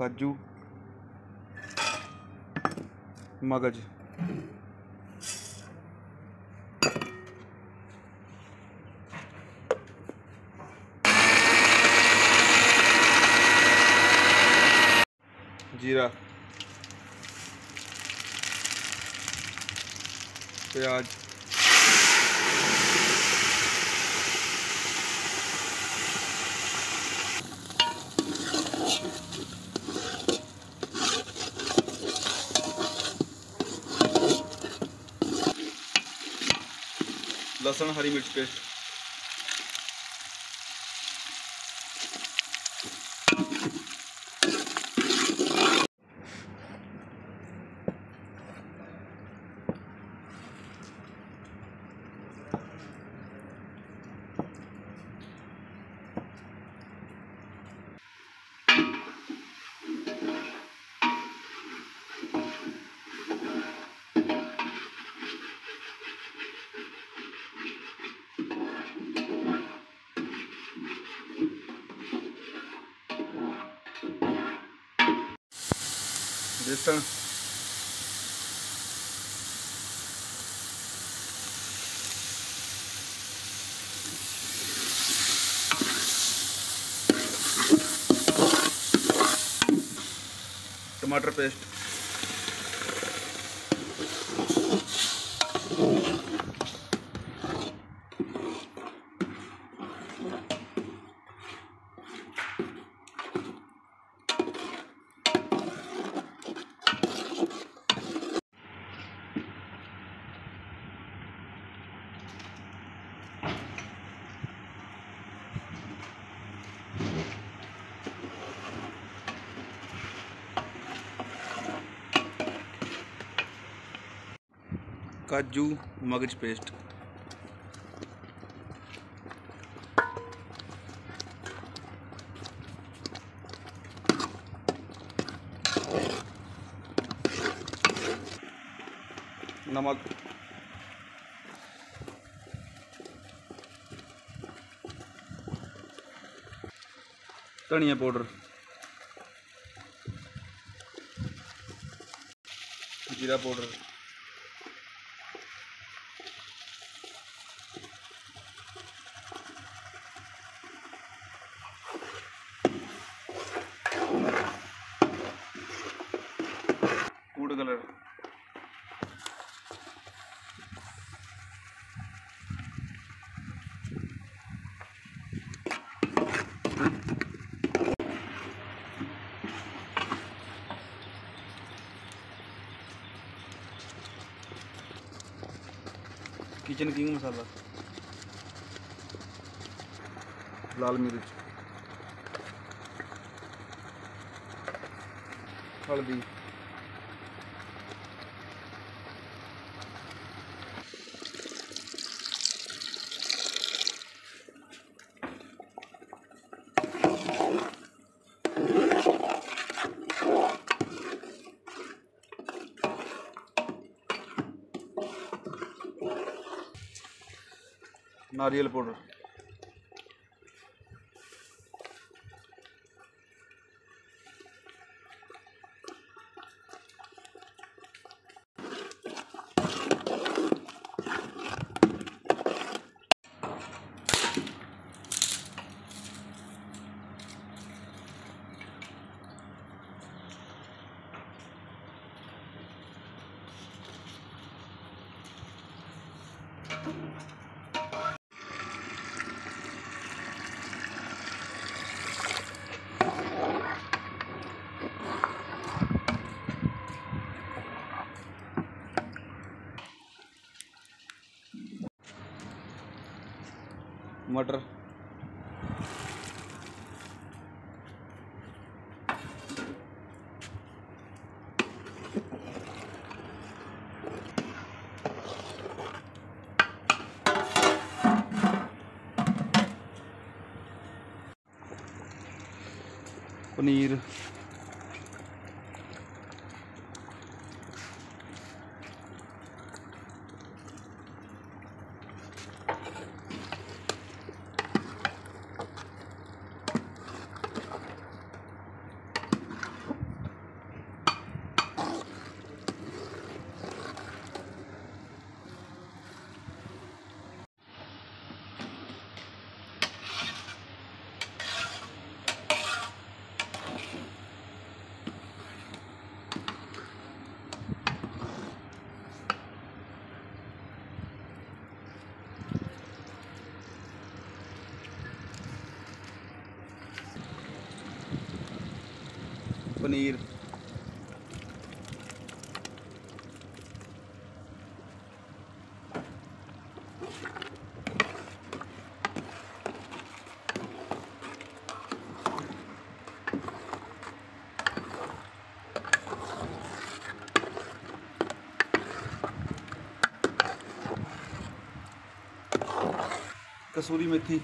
काजू मगज जीरा प्याज लहसुन हरी मिर्च पेस्ट बेसन टमाटर पेस्ट काजू मगज पेस्ट नमक धनिया पाउडर जीरा पाउडर कलर किचन किंग मसाला लाल मिर्च हल्दी Ariel Porter. मटर पनीर पनीर कसूरी मेथी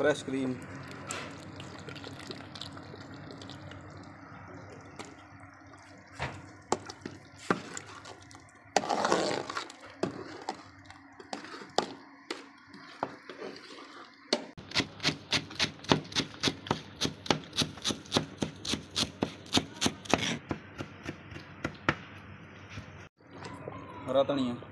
फ्रेश क्रीम हरा धनिया